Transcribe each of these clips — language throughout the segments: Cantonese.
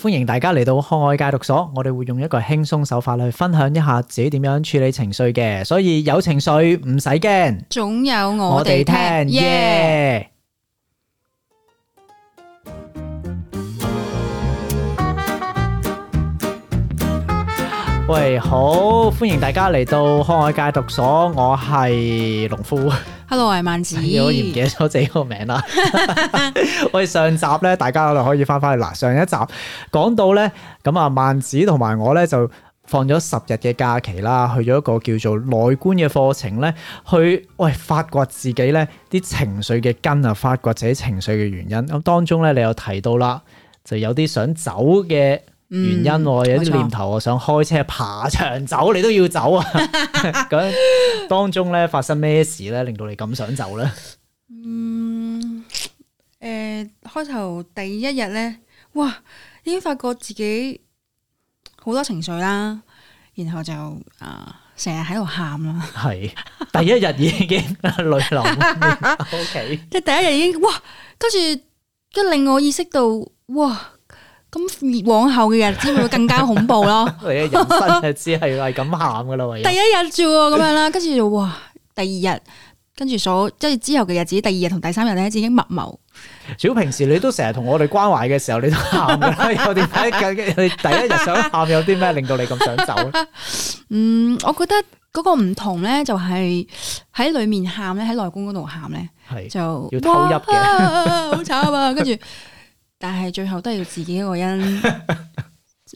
歡迎大家嚟到康愛戒毒所，我哋會用一個輕鬆手法去分享一下自己點樣處理情緒嘅，所以有情緒唔使驚，總有我哋聽。Yeah! yeah! 喂，好，歡迎大家嚟到康愛戒毒所，我係農夫。Hello，係萬子。我唔記得咗自己個名啦。喂 上集咧，大家可以翻翻去嗱，上一集講到咧，咁啊，萬子同埋我咧就放咗十日嘅假期啦，去咗一個叫做內觀嘅課程咧，去喂發掘自己咧啲情緒嘅根啊，發掘自己情緒嘅原因。咁當中咧，你有提到啦，就有啲想走嘅。原因、嗯、有啲念頭，我想開車爬牆走，你都要走啊！咁 當中咧發生咩事咧，令到你咁想走咧？嗯，誒、呃，開頭第一日咧，哇，已經發覺自己好多情緒啦，然後就誒，成日喺度喊啦。係的 第一日已經淚流。O K，即係第一日已經哇，跟住一令我意識到哇。咁往後嘅日子會更加恐怖咯。 第一日生嘅只係係咁喊噶啦，第一日啫，咁樣啦，跟住就哇，第二日跟住所即係之後嘅日子，第二日同第三日咧，已經密謀。如 果平時你都成日同我哋關懷嘅時候，你都喊嘅啦，有啲咩？我哋睇第一日想喊有啲咩令到你咁想走？嗯，我覺得嗰個唔同咧，就係喺裏面喊咧，喺內功嗰度喊咧，係是就要偷入嘅、啊啊，好慘啊！嘛，跟住。但係最後都係要自己一個人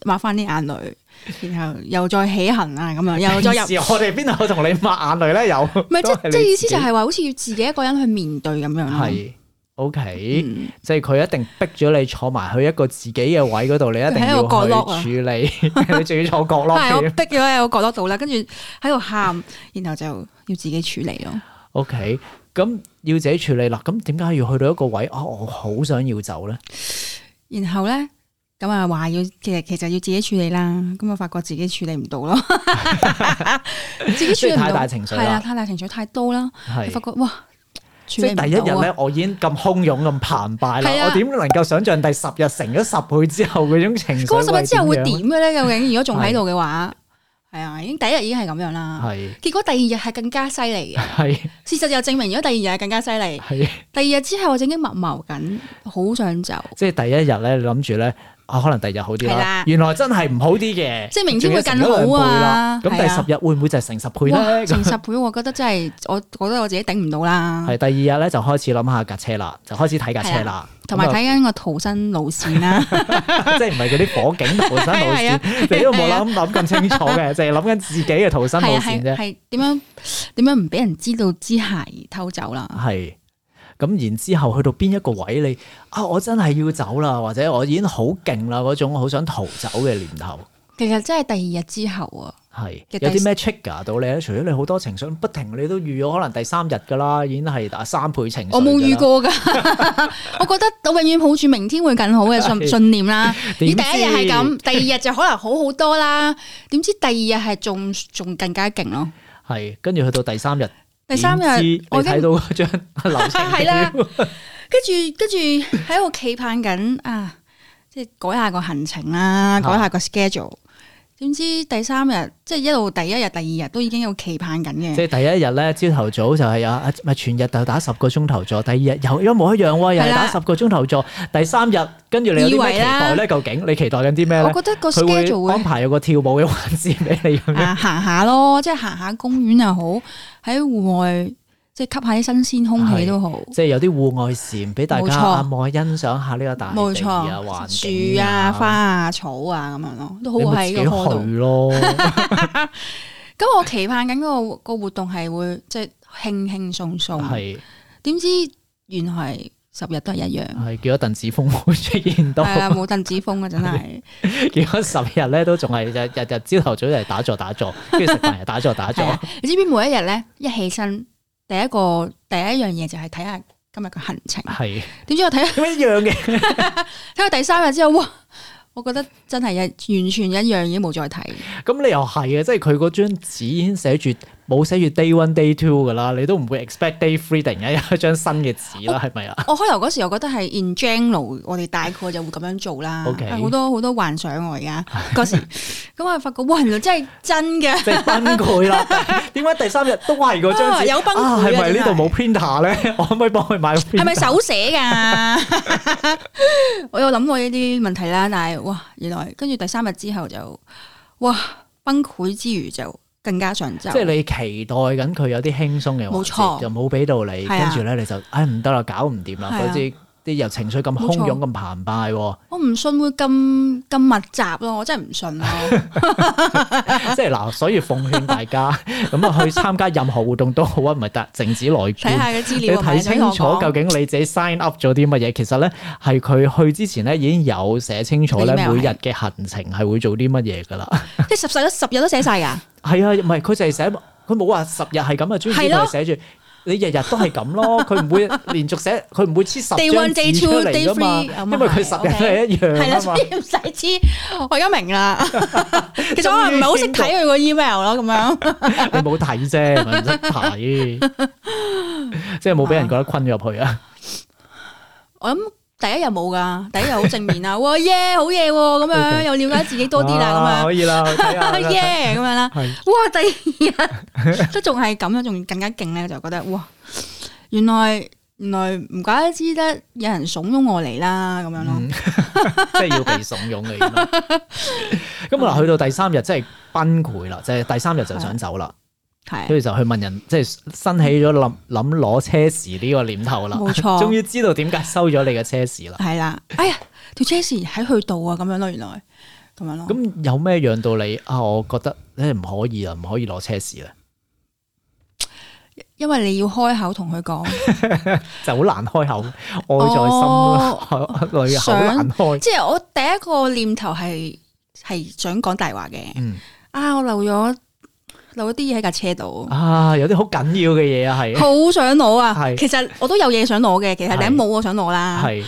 抹翻啲眼淚， 然後又再起行啊咁樣，又再入。我哋邊度同你抹眼淚咧？有，咪即即係意思就係話，好似要自己一個人去面對咁樣咯。係，OK，、嗯、即係佢一定逼咗你坐埋去一個自己嘅位嗰度，你一定要落處理，啊、 你仲要坐角落。係， 我逼咗喺我角落度啦，跟住喺度喊， 然後就要自己處理咯。OK。咁要自己處理啦，咁點解要去到一個位？哦，我好想要走咧。然後咧，咁啊，話要，其實其實要自己處理啦。咁我發覺自己處理唔到咯，自己處理唔到。太大情緒啦，係啦，太大情緒太多啦。係，發覺哇，即係第一日咧，我已經咁洶湧咁澎湃啦。我點能夠想象第十日成咗十倍之後嗰種情緒？嗰十日之後會點嘅咧？究竟如果仲喺度嘅話？係啊，已經第一日已經係咁樣啦。係是，結果第二日係更加犀利嘅。係是，事實就證明咗第二日係更加犀利。係是，第二日之後我正經密謀緊，好想走。即係第一日咧，諗住咧。啊，可能第二日好啲啦。原來真係唔好啲嘅，即係明天會更好啊。咁第十日會唔會就係成十倍咧？成十倍，我覺得真係，我覺得我自己頂唔到啦。係第二日咧，就開始諗下架車啦，就開始睇架車啦，同埋睇緊個逃生路線啦。即係唔係嗰啲火警逃生路線，你都冇諗諗咁清楚嘅，就係諗緊自己嘅逃生路線啫。係點樣點樣唔俾人知道之下偷走啦？係。咁然之後去到邊一個位你啊、哦，我真係要走啦，或者我已經好勁啦嗰種好想逃走嘅念頭。其實真係第二日之後啊，係有啲咩 trigger 到你咧？除咗你好多情緒不停，你都預咗可能第三日噶啦，已經係打三倍情緒。我冇遇過噶， 我覺得我永遠抱住明天會更好嘅信信念啦。點知 第一日係咁，第二日就可能好好多啦。點知第二日係仲仲更加勁咯。係跟住去到第三日。第三日我睇到嗰張係啦，跟住跟住喺度期盼緊啊，即係改下個行程啦，改下個 schedule。點知第三日即係一路第一日、第二日都已經有期盼緊嘅。即係第一日咧，朝頭早就係有啊，唔係全日就打十個鐘頭座。第二日又一模一樣喎，又係打十個鐘頭座。第三日跟住你有啲咩期待咧，究竟你期待緊啲咩咧？我覺得個 schedule 安排有個跳舞嘅環節俾你啊，行下咯，即係行下公園又好。喺戶外即係吸下啲新鮮空氣都好，即係有啲戶外禪俾大家望冇錯下欣賞下呢個大地啊、環境啊、冇錯、樹啊、花啊、草啊咁樣咯，都好喺嗰度。咁我期盼緊嗰個個活動係會即係輕輕鬆鬆，點、就是、 知原來。十日都係一樣，係叫咗鄧子峰，冇出現到，係啊，冇鄧子峰啊真係，結果十日咧都仲係日日日朝頭早就嚟打坐打坐跟住食飯又打坐打坐。你知唔知每一日咧一起身，第一個第一樣嘢，就係睇下今日嘅行程，係？點知，我睇一樣嘅，睇到 第三日之後，哇！我覺得真係嘅完全一樣，已經冇再睇。咁你又係啊？即係佢嗰張紙已經寫住，冇寫住 day one day two 噶啦，你都唔會 expect day three 突然間有一張新嘅紙啦，係咪啊？我開頭嗰時，我覺得係 in general，我哋大概就會咁樣做啦。好 Okay. 多好多幻想我而家嗰時，咁我發覺哇，原來真係真嘅，即 崩潰啦！點解第三日都係嗰張？有崩潰啊？係咪呢度冇 printer 咧？我可唔 可以幫佢買？係咪手寫噶？ 我有諗過呢啲問題啦，但係哇，原來跟住第三日之後就哇崩潰之餘就。更加上即係你期待緊佢有啲輕鬆嘅環節，冇錯，就冇俾到你。跟住咧，你就唉唔得啦，搞唔掂啦。嗰啲啲又情緒咁洶湧咁澎湃，我唔信會咁咁密集咯，我真係唔信。即係嗱，所以奉勸大家咁啊，去參加任何活動都好啊，唔係淨止來轉睇下資料，你睇清楚究竟你自己 sign up 咗啲乜嘢。其實咧，係佢去之前咧已經有寫清楚咧，每日嘅行程係會做啲乜嘢噶啦。即係十日都十日都寫晒噶。係啊，唔係佢就係寫，佢冇話十日係咁啊，總之佢係寫住，你日日都係咁咯，佢唔會連續寫，佢唔會黐十張字出嚟噶嘛， 一因為佢十日都係一樣 啊嘛，係啦，唔使黐，我而家明啦。 其實我唔係好識睇佢個 email 咯，咁 樣 你冇睇啫，唔識睇， 即係冇俾人覺得困咗入去啊。我諗。第一日冇㗎，第一日好正面啊，哇耶，好嘢喎，咁樣又了解自己多啲啦，咁樣可以啦，耶咁樣啦，哇第二日都仲係咁樣，仲更加勁咧，就覺得哇，原來原來唔怪得知得有人慫恿我嚟啦，咁樣咯，即係要被慫恿嘅，咁嗱，去到第三日即係崩潰啦，即係第三日就想走啦。係，跟住就去問人，即係升起咗諗諗攞車匙呢個念頭啦。冇錯， 終於知道點解收咗你嘅車匙啦。係啦，哎呀，條車匙喺佢度啊，咁樣咯，原來咁樣咯。咁有咩讓到你啊？我覺得咧唔、哎、可以啊，唔可以攞車匙啦。因為你要開口同佢講， 就好難開口，愛在心咯，口、哦、難開。即係我第一個念頭係係想講大話嘅。嗯、啊，我漏咗。留一啲嘢喺架車度啊！有啲好緊要嘅嘢啊，係好想攞啊是！其實我都有嘢想攞嘅，其實頂帽我想攞啦。係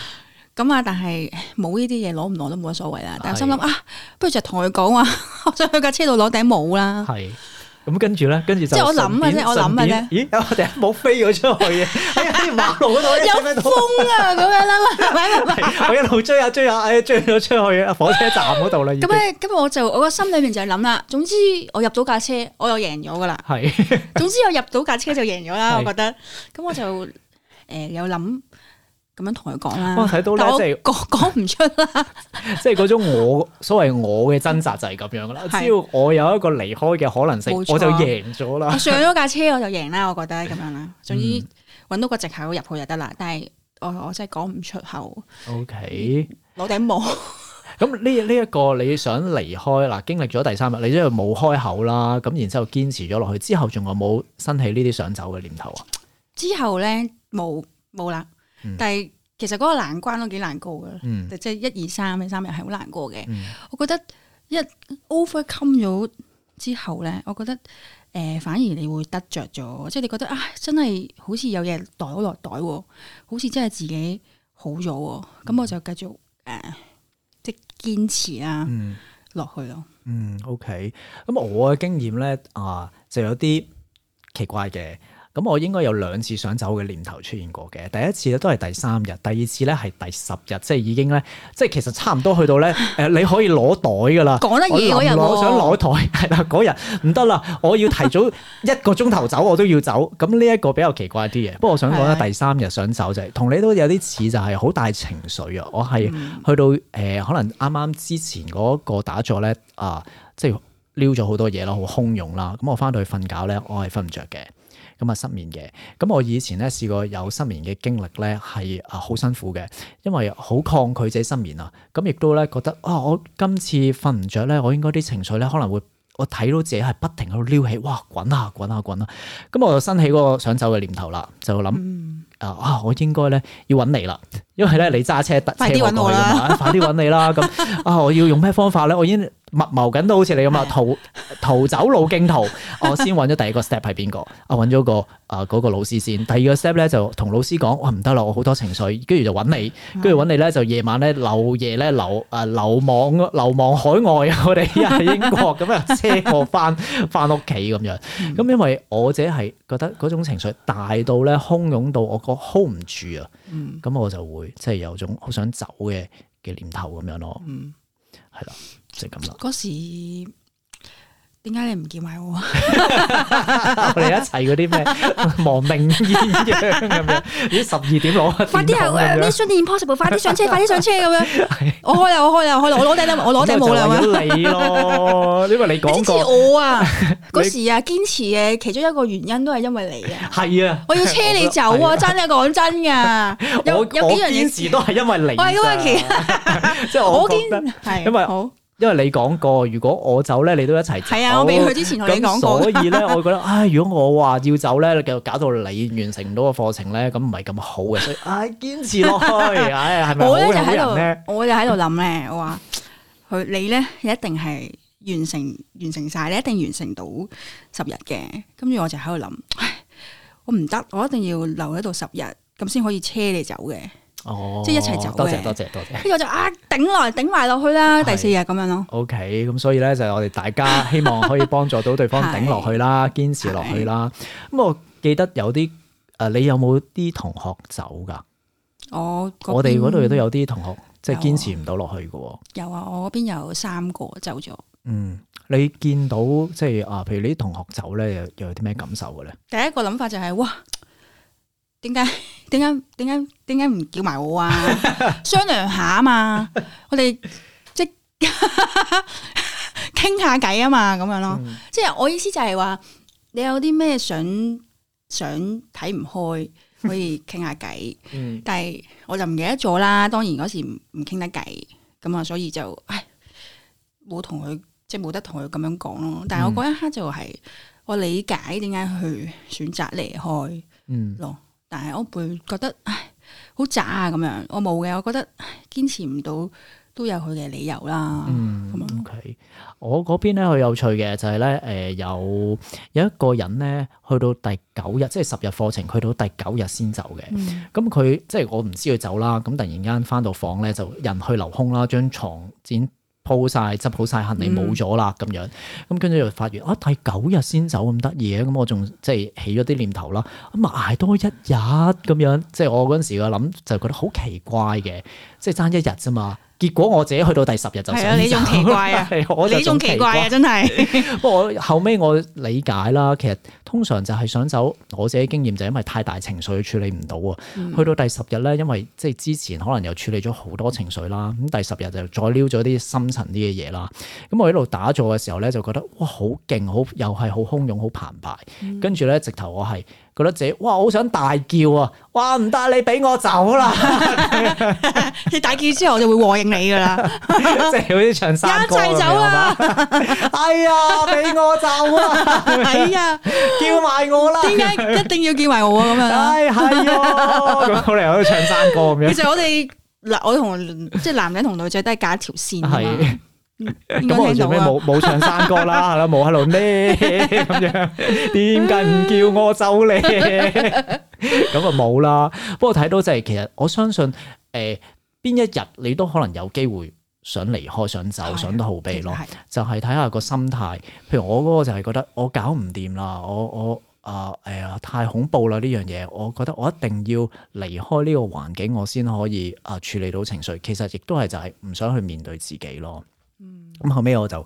咁啊，但係冇呢啲嘢攞唔攞都冇乜所謂啦。但係我心諗啊，不如就同佢講話， 我想去架車度攞頂帽啦。係。咁跟住咧，跟住就即係我諗嘅啫，我諗嘅啫。咦！我哋冇飛咗出去嘅，喺、 哎、馬路嗰度 有風啊，咁樣啦，我一路追下、啊、追下、啊，追咗、啊啊、出去，火車站嗰度啦。咁咧、 嗯、咁、嗯嗯、我就我個心裏面就諗啦。總之我入到架車，我又贏咗噶啦。係是， 總之我入到架車就贏咗啦。是我覺得，咁我就誒、呃、有諗。咁樣同佢講啦，但係講講唔出啦，即係嗰種我所謂我嘅掙扎就係咁樣啦。只要我有一個離開嘅可能性，我就贏咗啦。上咗架車我就贏啦，我覺得咁樣啦。總之搵到個借口入去就得啦。但係我我真係講唔出口。O K，攞頂帽。咁呢呢一個你想離開嗱？經歷咗第三日，你因為冇開口啦，咁然之後堅持咗落去之後，仲有冇升起呢啲想走嘅念頭啊？之後咧冇冇啦。嗯、但係其實嗰個難關都幾難過㗎，嗯、即係、嗯、一二三嘅三日係好難過嘅。我覺得一 overcome 咗之後咧，我覺得誒反而你會得着咗，即係你覺得啊真係好似有嘢袋落袋，好似真係自己好咗，咁我就繼續誒、呃、即係堅持呀，落去咯。嗯，OK，咁我嘅經驗咧啊就有啲奇怪嘅。咁我應該有兩次想走嘅念頭出現過嘅，第一次咧都係第三日，第二次咧係第十日，即係已經咧，即係其實差唔多去到咧，誒你可以攞袋㗎啦。講得二嗰日，我想攞袋係啦，嗰日唔得啦，我要提早一個鐘頭走，我都要走。咁呢一個比較奇怪啲嘢。不過我想講咧，第三日想走就係、是、同你都有啲似，就係好大情緒啊！我係去到誒、呃、可能啱啱之前嗰個打坐咧啊，即係撩咗好多嘢啦，好洶湧啦。咁我返到去瞓覺咧，我係瞓唔着嘅。咁啊失眠嘅，咁我以前咧試過有失眠嘅經歷咧，係啊好辛苦嘅，因為好抗拒自己失眠啊，咁亦都咧覺得啊，我今次瞓唔着咧，我應該啲情緒咧可能會，我睇到自己係不停喺度撩起，哇滾啊滾啊滾啊，咁、啊啊啊、我就生起嗰個想走嘅念頭啦，就諗啊、嗯、啊，我應該咧要搵你啦。因為係咧嚟揸車，特車外噶嘛，快啲揾你啦。咁 啊，我要用咩方法咧？我已經密謀緊到好似你咁啊，逃逃走路徑圖。我先揾咗第一個 step 係邊個？啊、呃，揾咗個啊嗰個老師先。第二個 step 咧就同老師講，哇唔得啦，我好多情緒，跟住就揾你，跟住揾你咧就晚留夜晚咧流夜咧流啊流亡流亡海外。啊。我哋喺英國，咁啊車我翻翻屋企咁樣。咁因為我者係覺得嗰種情緒大到咧洶湧到我覺 hold 唔住啊。咁、嗯、我就會。即係有種好想走嘅嘅念頭咁樣咯，嗯，係啦，就係咁啦。嗰時。點解你唔叫埋我？我哋一齊嗰啲咩亡命咁樣？咦，十二點攞快啲啊！我 m e s s impossible，快啲上車，快啲上車咁樣。我開啦，我開啦，開我攞頂笠，我攞頂帽啦。係你咯，因為你講過。我啊，嗰時啊，堅持嘅其中一個原因都係因為你啊。係啊，我要車你走啊！真嘅，講真噶，有有幾樣嘢事都係因為你。係啊，即係我堅持係因為好。因為你講過，如果我走咧，你都一齊。係啊，我未去之前同你講過。所以咧， 我覺得，唉、哎，如果我話要走咧，你又搞到你完成唔到個課程咧，咁唔係咁好嘅。所以，唉、啊，堅持落去，唉、哎，係咪好好人咧？ 我咧就喺度，我就喺度諗咧，我話佢你咧一定係完成完成晒，你一定完成到十日嘅。跟住我就喺度諗，我唔得，我一定要留喺度十日，咁先可以車你走嘅。哦，即係一齊走嘅，多謝多謝多謝。跟住我就啊，頂來頂埋落去啦，去 第四日咁樣咯。OK，咁所以咧就係我哋大家希望可以幫助到對方頂落去啦，堅 是持落去啦。咁、嗯、我記得有啲誒、啊，你有冇啲同學走噶？我我哋嗰度都有啲同學即係堅持唔到落去嘅喎。有啊，我嗰邊有三個走咗。嗯，你見到即係啊，譬如你啲同學走咧，又有啲咩感受嘅咧？第一個諗法就係、是、哇。點解點解點解點解唔叫埋我啊？ 商量下啊嘛， 我哋即係傾下偈啊嘛，咁樣咯。嗯、即係我意思就係話，你有啲咩想想睇唔開，可以傾下偈。嗯、但係我就唔記得咗啦。當然嗰時唔唔傾得偈，咁啊，所以就唉，冇同佢即係冇得同佢咁樣講咯。但係我嗰一刻就係我理解點解去選擇離開，嗯，咯。但我會覺得唉，好渣啊咁樣，我冇嘅，我覺得堅持唔到都有佢嘅理由啦。咁啊、嗯，咁樣、okay. 我嗰邊咧，佢有趣嘅就係咧，誒有有一個人咧，去到第九日，即係十日課程，去到第九日先走嘅。咁佢、嗯、即係我唔知佢走啦。咁突然間翻到房咧，就人去樓空啦，張床剪鋪曬執好晒行李冇咗啦，咁樣，嗯，咁跟住就發現啊，第九日先走咁得意啊！咁我仲即係起咗啲念頭啦，咁啊捱多一日咁樣， 即係我嗰陣時嘅諗就覺得好奇怪嘅，即係爭一日啫嘛。結果我自己去到第十日就想走。係啊，呢種奇怪啊！你仲奇怪啊！真係。不過我後尾我理解啦，其實通常就係想走，我自己經驗就係因為太大情緒處理唔到啊。去到第十日咧，因為即係之前可能又處理咗好多情緒啦。咁第十日就再撩咗啲深層啲嘅嘢啦。咁我喺度打坐嘅時候咧，就覺得哇，好勁，好又係好洶湧，好澎湃。跟住咧，呢直頭我係。覺得自己哇，好想大叫啊！哇，唔得，你俾我走啦！你大叫之後我就會和應你噶啦，即係好似唱山歌一齊走啦，啊！ 哎呀，俾 我走啊！哎呀，叫埋我啦！點 解一定要叫埋我啊？咁 啊， 哎？係係啊！咁我哋喺度唱山歌咁樣。 其實我哋嗱，我同即係男人同女仔都係隔一條線係。咁 我做咩冇冇唱山歌啦？冇喺度咩咁樣？點解唔叫我走你？咁啊冇啦。不過睇到就係，其實我相信誒，邊、呃、一日你都可能有機會想離開、想走、想逃避咯。就係睇下個心態。譬如我嗰個就係覺得我搞唔掂啦，我我啊誒呀，太恐怖啦呢樣嘢。我覺得我一定要離開呢個環境，我先可以啊、呃、處理到情緒。其實亦都係就係唔想去面對自己咯。咁後尾我就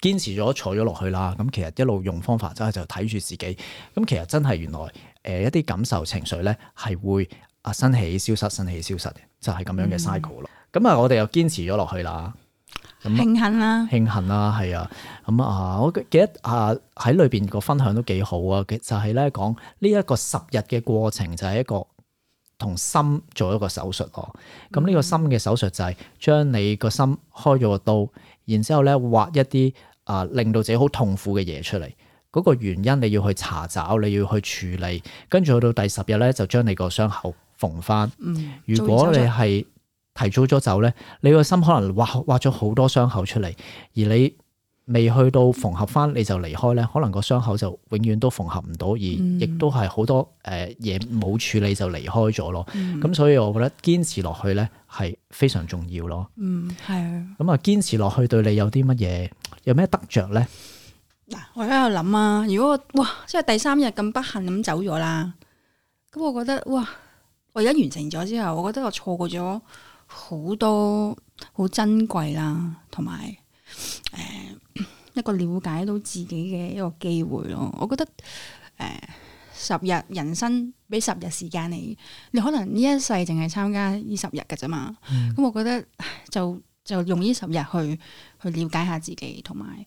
堅持咗坐咗落去啦。咁其實一路用方法真係就睇住自己。咁其實真係原來誒一啲感受情緒咧係會啊，升起消失，升起消失，消失就係、是、咁樣嘅 cycle 咯。咁啊、嗯，我哋又堅持咗落去啦。慶幸啦、啊，慶幸啦，係啊。咁啊，啊，我記得啊喺裏邊個分享都幾好啊。其實係咧，講呢一個十日嘅過程就係一個同心做一個手術咯。咁呢個心嘅手術就係將你個心開咗個刀。然之後咧，挖一啲啊，令到自己好痛苦嘅嘢出嚟，嗰個原因你要去查找，你要去處理，跟住去到第十日咧，就將你個傷口縫返。嗯，如果你係提早咗走咧，你個心可能挖挖咗好多傷口出嚟，而你未去到縫合翻你就離開咧，嗯、可能個傷口就永遠都縫合唔到，嗯、而亦都係好多誒嘢冇處理就離開咗咯。咁、嗯、所以，我覺得堅持落去咧係非常重要咯。嗯，係啊。咁啊，堅持落去對你有啲乜嘢？有咩得着咧？嗱，我喺度諗啊，如果我哇，即係第三日咁不幸咁走咗啦，咁我覺得哇，我而家完成咗之後，我覺得我錯過咗好多好珍貴啦，同埋誒。呃一個了解到自己嘅一個機會咯，我覺得，誒、呃，十日人生俾十日時間你，你可能呢一世淨係參加呢十日㗎啫嘛，咁、嗯嗯、我覺得就就用呢十日去去了解下自己，同埋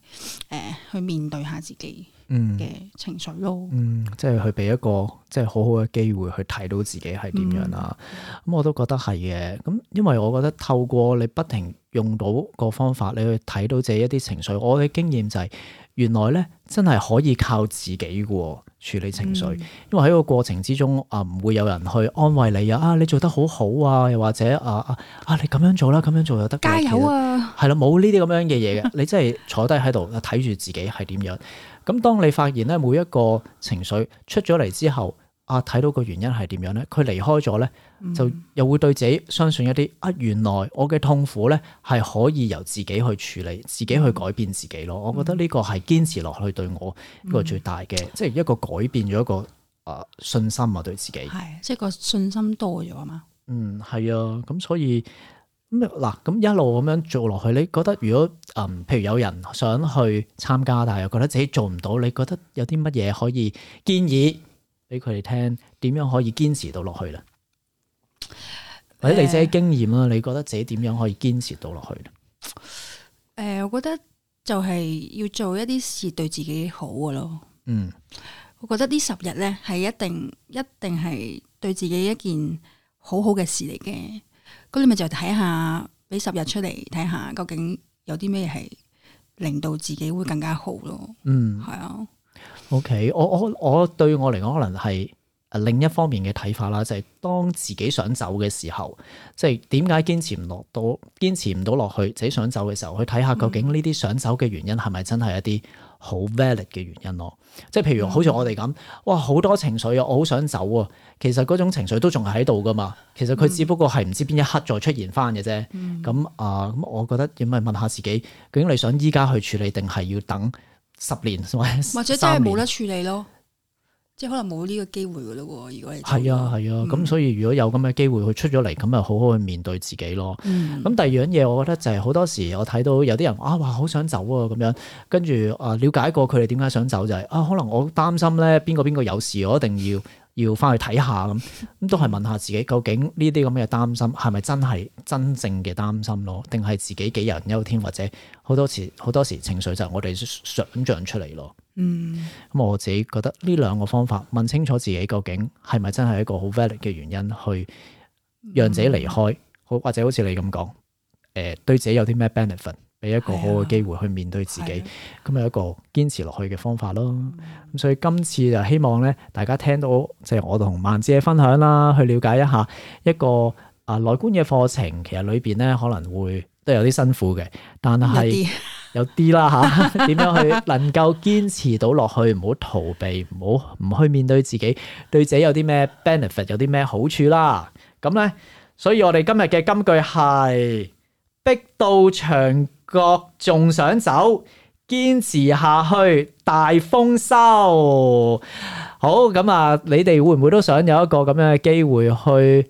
誒去面對下自己。嗯嘅情緒咯，嗯，即係佢俾一個即係好好嘅機會去睇到自己係點樣啦。咁、嗯嗯、我都覺得係嘅。咁因為我覺得透過你不停用到個方法，你去睇到自己一啲情緒。我嘅經驗就係、是。原來咧真係可以靠自己嘅處理情緒，因為喺個過程之中啊，唔、呃、會有人去安慰你啊，你做得好好啊，又或者啊啊啊，你咁樣做啦，咁樣做又得。加油啊！係啦，冇呢啲咁樣嘅嘢嘅，你真係坐低喺度睇住自己係點樣。咁 當你發現咧，每一個情緒出咗嚟之後。啊！睇到個原因係點樣咧？佢離開咗咧，嗯、就又會對自己相信一啲啊。原來我嘅痛苦咧係可以由自己去處理，自己去改變自己咯。嗯、我覺得呢個係堅持落去對我呢個最大嘅，嗯、即係一個改變咗一個啊、呃、信心啊，對自己係即係個信心多咗啊嘛。嗯，係啊，咁所以咁嗱，咁一路咁樣做落去，你覺得如果嗯譬如有人想去參加，但係又覺得自己做唔到，你覺得有啲乜嘢可以建議，嗯？俾佢哋聽點樣可以堅持到落去咧？呃、或者你自己經驗啦，你覺得自己點樣可以堅持到落去咧？誒、呃，我覺得就係要做一啲事對自己好嘅咯。嗯，我覺得呢十日咧係一定一定係對自己一件好好嘅事嚟嘅。咁你咪就睇下，俾十日出嚟睇下，看看究竟有啲咩係令到自己會更加好咯。嗯，係啊。OK，我我我對我嚟講，可能係誒另一方面嘅睇法啦，就係、是、當自己想走嘅時候，即係點解堅持唔落到，堅持唔到落去，自己想走嘅時候，去睇下究竟呢啲想走嘅原因係咪真係一啲好 valid 嘅原因咯？即係譬如好似我哋咁，嗯、哇好多情緒啊，我好想走啊，其實嗰種情緒都仲係喺度噶嘛，其實佢只不過係唔知邊一刻再出現翻嘅啫。咁啊、嗯，咁、嗯呃、我覺得要咪問下自己，究竟你想依家去處理，定係要等？十年，或者三年，或者真係冇得處理咯，即係可能冇呢個機會嘅咯喎。如果係係啊係啊，咁、啊嗯、所以如果有咁嘅機會佢出咗嚟，咁就好好去面對自己咯。咁、嗯、第二樣嘢，我覺得就係好多時我睇到有啲人啊，哇，好想走啊咁樣，跟住啊了解過佢哋點解想走就係、是、啊，可能我擔心咧，邊個邊個有事，我一定要。要翻去睇下咁，咁都係問下自己，究竟呢啲咁嘅擔心係咪真係真正嘅擔心咯？定係自己杞人憂天，或者好多時好多時情緒就係我哋想象出嚟咯。嗯，咁我自己覺得呢兩個方法問清楚自己，究竟係咪真係一個好 valid 嘅原因去讓自己離開，好、嗯、或者好似你咁講，誒、呃、對自己有啲咩 benefit？俾一個好嘅機會去面對自己，咁係、啊啊、一個堅持落去嘅方法咯。咁、嗯、所以今次就希望咧，大家聽到即係我同萬姐嘅分享啦，去了解一下一個啊、呃、內觀嘅課程，其實裏邊咧可能會都有啲辛苦嘅，但係有啲點啦吓，點、啊、樣去能夠堅持到落去，唔好 逃避，唔好唔去面對自己，對自己有啲咩 benefit，有啲咩好處啦。咁咧，所以我哋今日嘅金句係逼到長。各仲想走，堅持下去，大豐收。好，咁啊，你哋會唔會都想有一個咁樣嘅機會去？